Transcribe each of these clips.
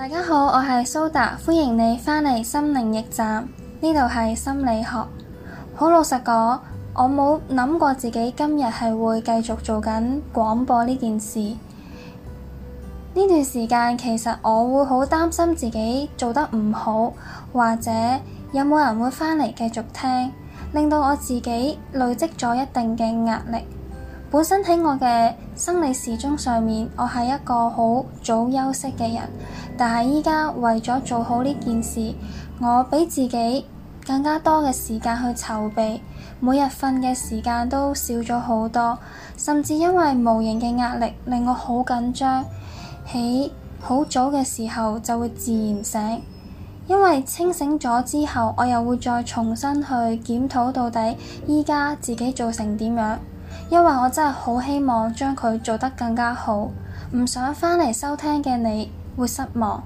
大家好，我係蘇達，歡迎你返嚟心靈驛站。呢度係心理學。好老實講，我冇諗過自己今日係會繼續做緊廣播呢件事。呢段時間其實我會好擔心自己做得唔好，或者有冇人會返嚟繼續聽，令到我自己累積咗一定嘅壓力。本身喺我嘅生理時鐘上面，我係一個好早休息嘅人。但係而家為咗做好呢件事，我俾自己更加多嘅時間去籌備，每日瞓嘅時間都少咗好多。甚至因為無形嘅壓力令我好緊張，喺好早嘅時候就會自然醒。因為清醒咗之後，我又會再重新去檢討到底而家自己做成點樣。因為我真係好希望將佢做得更加好，唔想翻嚟收聽嘅你會失望。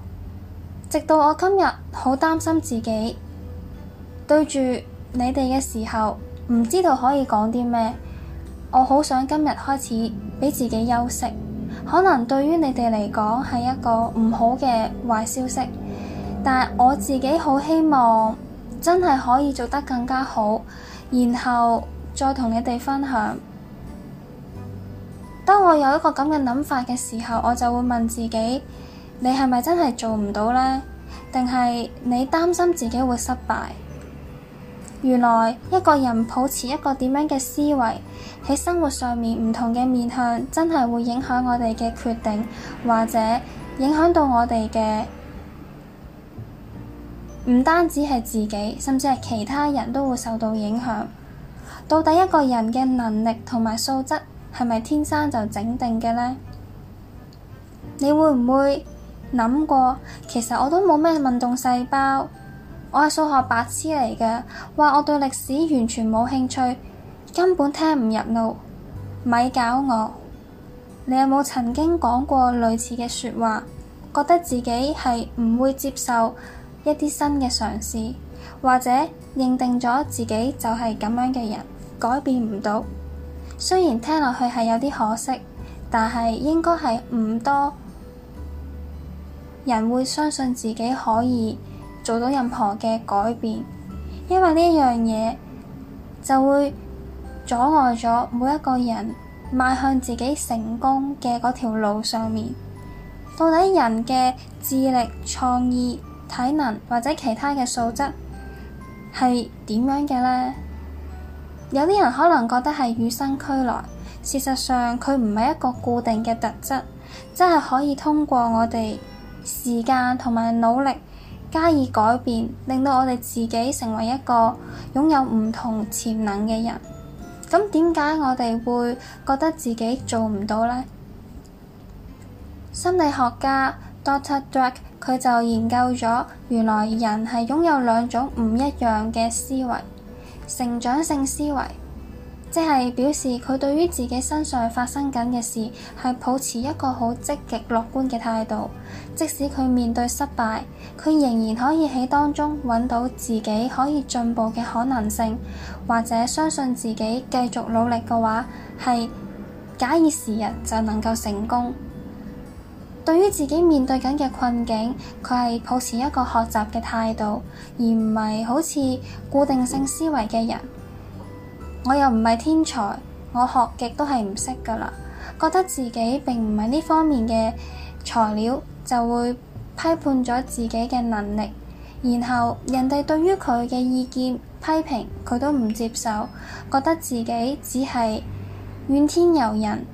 直到我今日好擔心自己對住你哋嘅時候，唔知道可以講啲咩。我好想今日開始畀自己休息，可能對於你哋嚟講係一個唔好嘅壞消息，但係我自己好希望真係可以做得更加好，然後再同你哋分享。當我有一個咁嘅諗法嘅時候，我就會問自己：你係咪真係做唔到呢？定係你擔心自己會失敗？原來一個人抱持一個點樣嘅思維喺生活上面唔同嘅面向，真係會影響我哋嘅決定，或者影響到我哋嘅唔單止係自己，甚至係其他人都會受到影響。到底一個人嘅能力同埋素質，係咪天生就整定嘅呢？你會唔會諗過？其實我都冇咩運動細胞，我係數學白痴嚟嘅，話我對歷史完全冇興趣，根本聽唔入腦，咪搞我。你有冇曾經講過類似嘅說話？覺得自己係唔會接受一啲新嘅嘗試，或者認定咗自己就係咁樣嘅人，改變唔到？雖然聽落去係有啲可惜，但係應該係唔多人會相信自己可以做到任何嘅改變，因為呢樣嘢就會阻礙咗每一個人邁向自己成功嘅嗰條路上面。到底人嘅智力、創意、體能或者其他嘅素質係點樣嘅咧？有啲人可能覺得係與生俱來，事實上佢唔係一個固定嘅特質，真係可以通過我哋時間同埋努力加以改變，令到我哋自己成為一個擁有唔同潛能嘅人。咁點解我哋會覺得自己做唔到呢？心理學家 Doctor Dweck 佢就研究咗，原來人係擁有兩種唔一樣嘅思維。成長性思維，即係表示佢對於自己身上發生緊嘅事，係抱持一個好積極樂觀嘅態度。即使佢面對失敗，佢仍然可以喺當中揾到自己可以進步嘅可能性，或者相信自己繼續努力嘅話，係假以時日就能夠成功。對於自己面對緊嘅困境，佢係抱持一個學習嘅態度，而唔係好似固定性思維嘅人。我又唔係天才，我學極都係唔識㗎喇，覺得自己並唔係呢方面嘅材料，就會批判咗自己嘅能力。然後人哋對於佢嘅意見批評，佢都唔接受，覺得自己只係怨天尤人。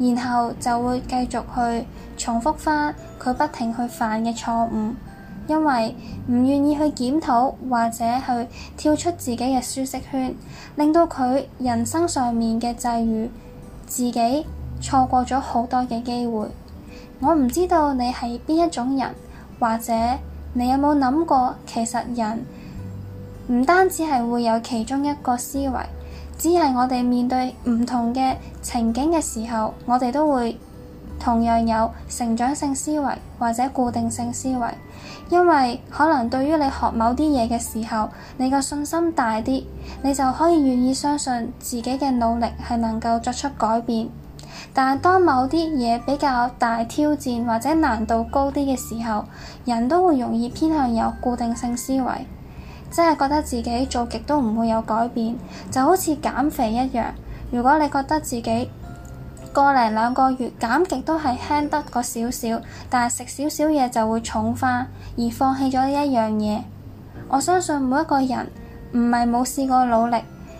然後就會繼續去重複返佢不停去犯嘅錯誤，因為唔願意去檢討或者去跳出自己嘅舒適圈，令到佢人生上面嘅際遇，自己錯過咗好多嘅機會。我唔知道你係邊一種人，或者你有冇諗過，其實人唔單止係會有其中一個思維。只係我哋面對唔同嘅情景嘅時候，我哋都會同樣有成長性思維或者固定性思維。因為可能對於你學某啲嘢嘅時候，你個信心大啲，你就可以願意相信自己嘅努力係能夠作出改變。但係當某啲嘢比較大挑戰或者難度高啲嘅時候，人都會容易偏向有固定性思維。真係覺得自己做極都唔會有改變，就好似減肥一樣。如果你覺得自己個零兩個月減極都係輕得個少少，但係食少少嘢就會重翻，而放棄咗呢一樣嘢，我相信每一個人唔係冇試過努力，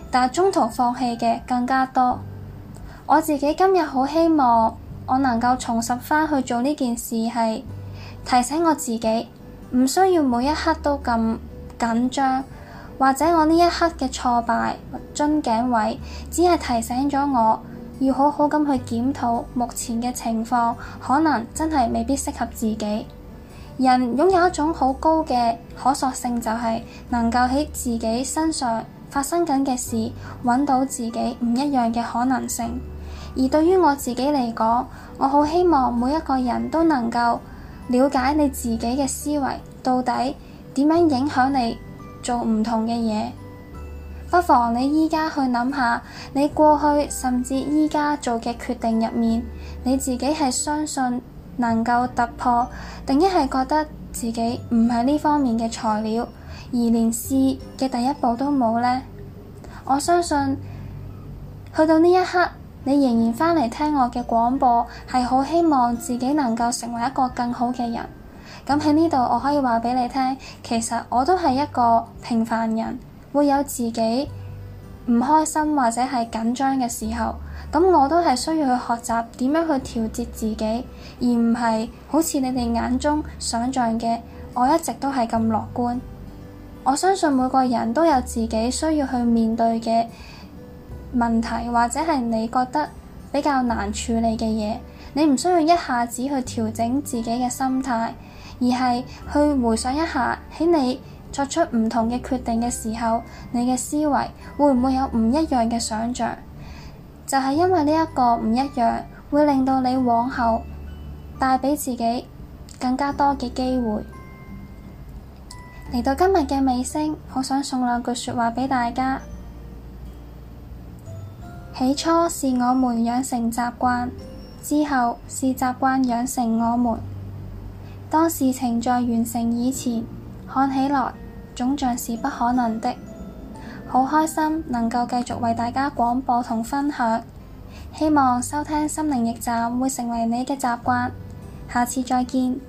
但係中途放棄嘅更加多。我自己今日好希望我能夠重拾翻去做呢件事，係提醒我自己唔需要每一刻都咁緊張，或者我呢一刻嘅挫敗、或樽頸位，只係提醒咗我要好好咁去檢討目前嘅情況，可能真係未必適合自己。人擁有一種好高嘅可塑性，就是，就係能夠喺自己身上發生緊嘅事，揾到自己唔一樣嘅可能性。而對於我自己嚟講，我好希望每一個人都能夠了解你自己嘅思維到底點樣影響你做唔同嘅嘢？不妨你而家去諗下，你過去甚至而家做嘅決定入面，你自己係相信能夠突破，定一係覺得自己唔係呢方面嘅材料，而連試嘅第一步都冇呢？我相信去到呢一刻，你仍然翻嚟聽我嘅廣播，係好希望自己能夠成為一個更好嘅人。咁喺呢度，我可以話畀你聽，其實我都係一個平凡人，會有自己唔開心或者係緊張嘅時候。咁我都係需要去學習點樣去調節自己，而唔係好似你哋眼中想像嘅，我一直都係咁樂觀。我相信每個人都有自己需要去面對嘅問題，或者係你覺得比較難處理嘅嘢，你唔需要一下子去調整自己嘅心態。而係去回想一下，喺你作出唔同嘅決定嘅時候，你嘅思維會唔會有唔一樣嘅想像？就係因為呢一個唔一樣，會令到你往後帶畀自己更加多嘅機會。嚟到今日嘅尾聲，好想送兩句説話畀大家。起初是我們養成習慣，之後是習慣養成我們。當事情在完成以前，看起來總像是不可能的。好開心能夠繼續為大家廣播同分享，希望收聽心靈驛站會成為你嘅習慣。下次再見。